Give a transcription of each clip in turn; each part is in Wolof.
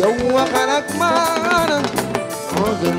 yow waxal ak maanaam moo gën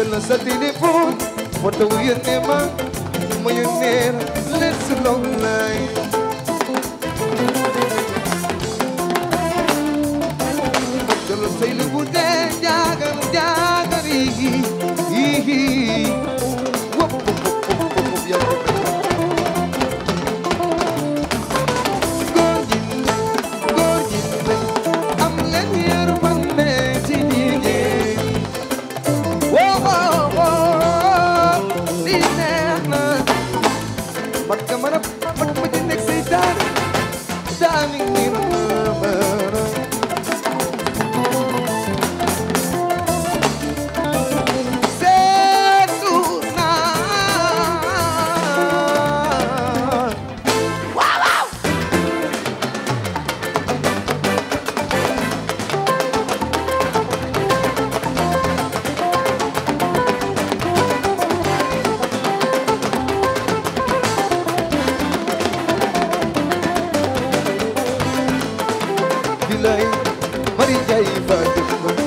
jël na sa téléphone photo yónnee ma ma yónnee la let's long lay mari jay fa